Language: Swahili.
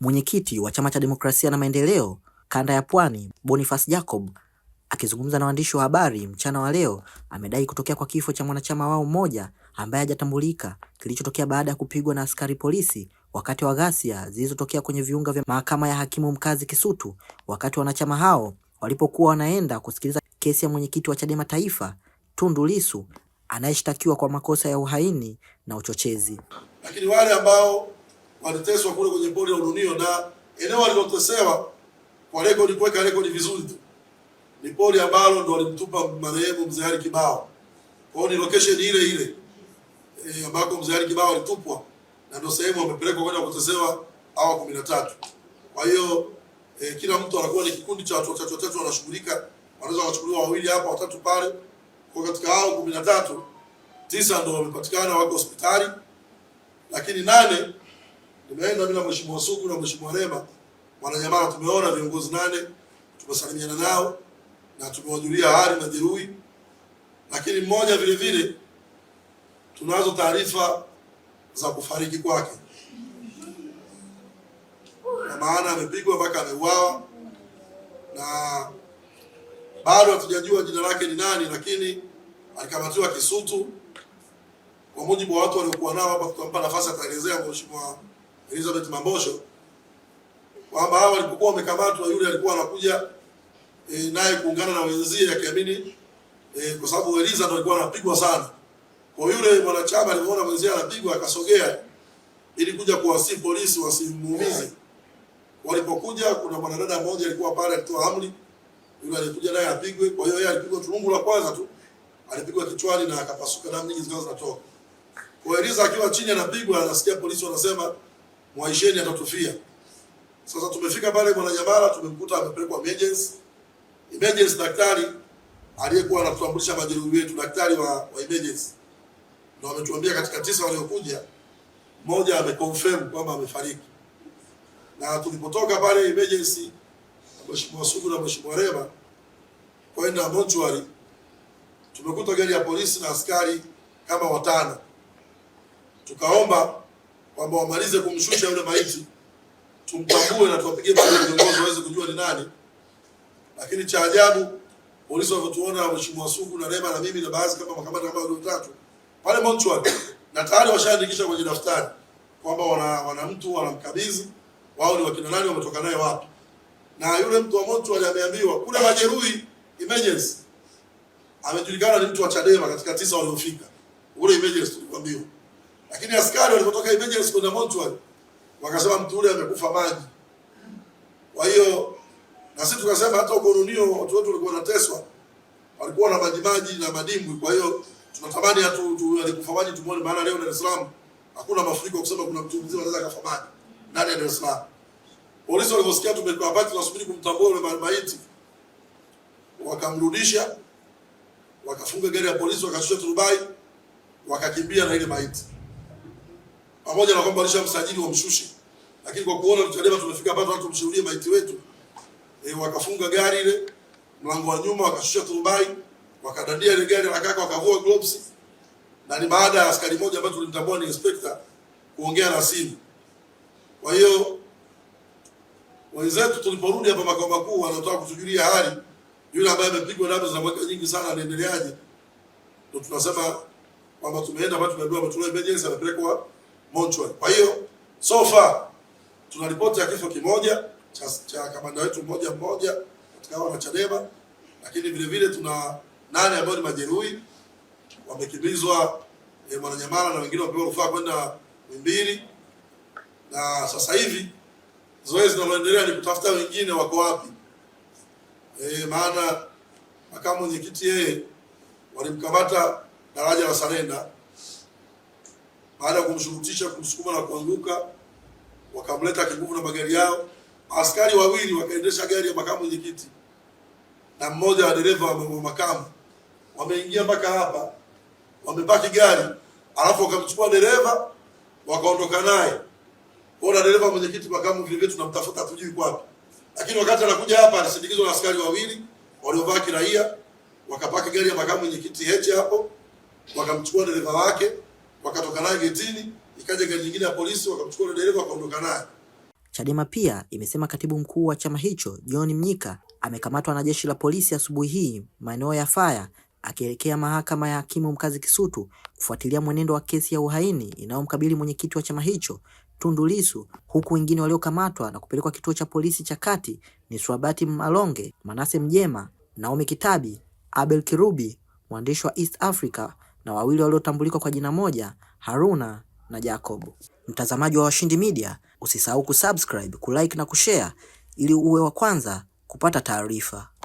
Mwenyekiti wa Chama cha Demokrasia na Maendeleo kanda ya Pwani, Boniface Jacob, akizungumza na waandishi wa habari mchana wa leo, amedai kutokea kwa kifo cha mwanachama wao mmoja ambaye hajatambulika kilichotokea baada ya kupigwa na askari polisi wakati wa ghasia zilizotokea kwenye viunga vya Mahakama ya Hakimu Mkazi Kisutu, wakati wanachama hao walipokuwa wanaenda kusikiliza kesi ya mwenyekiti wa Chadema Taifa, Tundu Lissu, anayeshtakiwa kwa makosa ya uhaini na uchochezi. Lakini wale ambao waliteswa kule kwenye pori la Ununio, na eneo walilotesewa kwa rekodi, kuweka rekodi vizuri tu, ni pori ambalo ndo walimtupa marehemu mzee Ali Kibao. Kwa hiyo ni location ile ile e, ambako mzee Ali Kibao alitupwa na ndo sehemu wamepelekwa kwenda kutesewa hawa kumi na tatu. Kwa hiyo e, kila mtu anakuwa ni kikundi cha watu watatu watatu wanashughulika, wanaweza wakachukuliwa wawili hapa watatu pale. Kwa katika hao kumi na tatu, tisa ndo wamepatikana wako hospitali, lakini nane Tumeenda bila Mheshimiwa Suku na Mheshimiwa Lema Mwananyamala, tumeona viongozi nane, tumesalimiana nao na tumewajulia hali majeruhi, lakini mmoja vile vile tunazo taarifa za kufariki kwake, na maana amepigwa mpaka ameuawa, na bado hatujajua jina lake ni nani, lakini alikamatiwa Kisutu. Kwa mujibu wa watu waliokuwa nao hapa, tutampa nafasi ataelezea mheshimiwa Elizabeth Mambosho kwamba hao walipokuwa wamekamatwa, yule alikuwa anakuja e, naye kuungana na wenzie akiamini e, kwa sababu Eliza ndo alikuwa anapigwa sana. Kwa yule mwanachama alipoona mwenzie anapigwa akasogea ili kuja kuwasii polisi wasimuumize. Walipokuja kuna mwanadada mmoja alikuwa pale alitoa amri yule alikuja naye apigwe. Kwa hiyo yeye alipigwa tulungu la kwanza tu, alipigwa kichwani na akapasuka, damu nyingi zikawa zinatoka. Kwa Eliza akiwa chini anapigwa, anasikia polisi wanasema mwaisheni atatufia. Sasa tumefika pale Mwananyamala, tumemkuta amepelekwa emergency. Emergency daktari aliyekuwa anatutambulisha majeruhi wetu, daktari wa, wa emergency ndio ametuambia katika tisa waliokuja mmoja ameconfirm kwamba amefariki, na tulipotoka pale emergency Mheshimiwa Sugu na Mheshimiwa Rema kwenda mortuary, tumekuta gari ya polisi na askari kama watano, tukaomba kwamba wamalize kumshusha yule maiti, tumtambue na tuwapigie viongozi waweze kujua ni nani. Lakini cha ajabu polisi walivyotuona, mheshimiwa Sugu na Lema na mimi na baadhi kama makamanda kama wale watatu pale Montreal, na tayari washaandikisha kwenye daftari kwamba wana, wana mtu wanamkabidhi wao ni wakina nani, wametoka naye wapi, na yule mtu wa Montreal aliambiwa kuna majeruhi emergency, amejulikana ni mtu wa Chadema katika tisa waliofika ule emergency tulikwambia lakini askari walipotoka emergency kwenda mortuary wakasema mtu ule amekufa maji. Kwa hiyo na sisi tukasema hata huko watu wetu walikuwa wanateswa. Walikuwa na maji maji na madimbwi. Kwa hiyo tunatamani hatu tu, alikufa maji tumuone, maana leo Dar es Salaam hakuna mafuriko kusema kuna mtu mzima anaweza kufa maji ndani ya Dar es Salaam. Polisi waliposikia tumekuwa hapa tunasubiri kumtambua yule maiti. Wakamrudisha, wakafunga gari ya polisi, wakashusha turubai, wakakimbia na ile maiti pamoja na kwamba alisha msajili wa wamshushe, lakini kwa kuona Chadema tumefika hapa watu tumshuhudie maiti wetu e, wakafunga gari ile mlango wa nyuma, wakashusha turubai, wakadadia ile gari la kaka, wakavua gloves, na ni baada ya askari mmoja ambaye tulimtambua ni inspector kuongea na simu. Kwa hiyo wenzetu tuliporudi hapa makao makuu, wanatoa kutujulia hali yule ambaye amepigwa damu za mwaka nyingi sana anaendeleaje, ndio tunasema kwamba tumeenda pale, tumeambiwa ametolea emergency, anapelekwa mortuary. Kwa hiyo so far tuna ripoti ya kifo kimoja cha, cha kamanda wetu mmoja mmoja katika wa chadema lakini vile vile tuna nane ambao ni majeruhi wamekimbizwa eh, Mwananyamala na wengine wamepewa rufaa kwenda Muhimbili, na sasa hivi zoezi linaloendelea ni kutafuta wengine wako wapi. E, maana makamu mwenyekiti yeye walimkamata daraja la Salenda baada ya kumshurutisha, kumsukuma na kuanguka, wakamleta kinguvu na magari yao. Askari wawili wakaendesha gari ya makamu mwenyekiti na mmoja wa dereva wa makamu, wameingia mpaka hapa, wamebaki gari, alafu wakamchukua dereva wakaondoka naye. Ona dereva mwenyekiti, makamu vile vile tunamtafuta, tujui kwapi, lakini wakati anakuja hapa alisindikizwa na askari wawili waliovaa kiraia, wakapaki gari ya makamu mwenyekiti Heche hapo, wakamchukua dereva wake wakatoka naye getini, ikaja gari nyingine ya polisi wakamchukua yule dereva wakaondoka naye. Chadema pia imesema katibu mkuu wa chama hicho John Mnyika amekamatwa na jeshi la polisi asubuhi hii maeneo ya Faya akielekea mahakama ya hakimu mkazi Kisutu kufuatilia mwenendo wa kesi ya uhaini inayomkabili mwenyekiti wa chama hicho Tundu Lissu, huku wengine waliokamatwa na kupelekwa kituo cha polisi cha Kati ni Swabati Malonge, Manase Mjema, Naomi Kitabi, Abel Kirubi, mwandishi wa East Africa na wawili waliotambulika kwa jina moja, Haruna na Jacob. Mtazamaji wa Washindi Media, usisahau kusubscribe, kulike na kushare ili uwe wa kwanza kupata taarifa.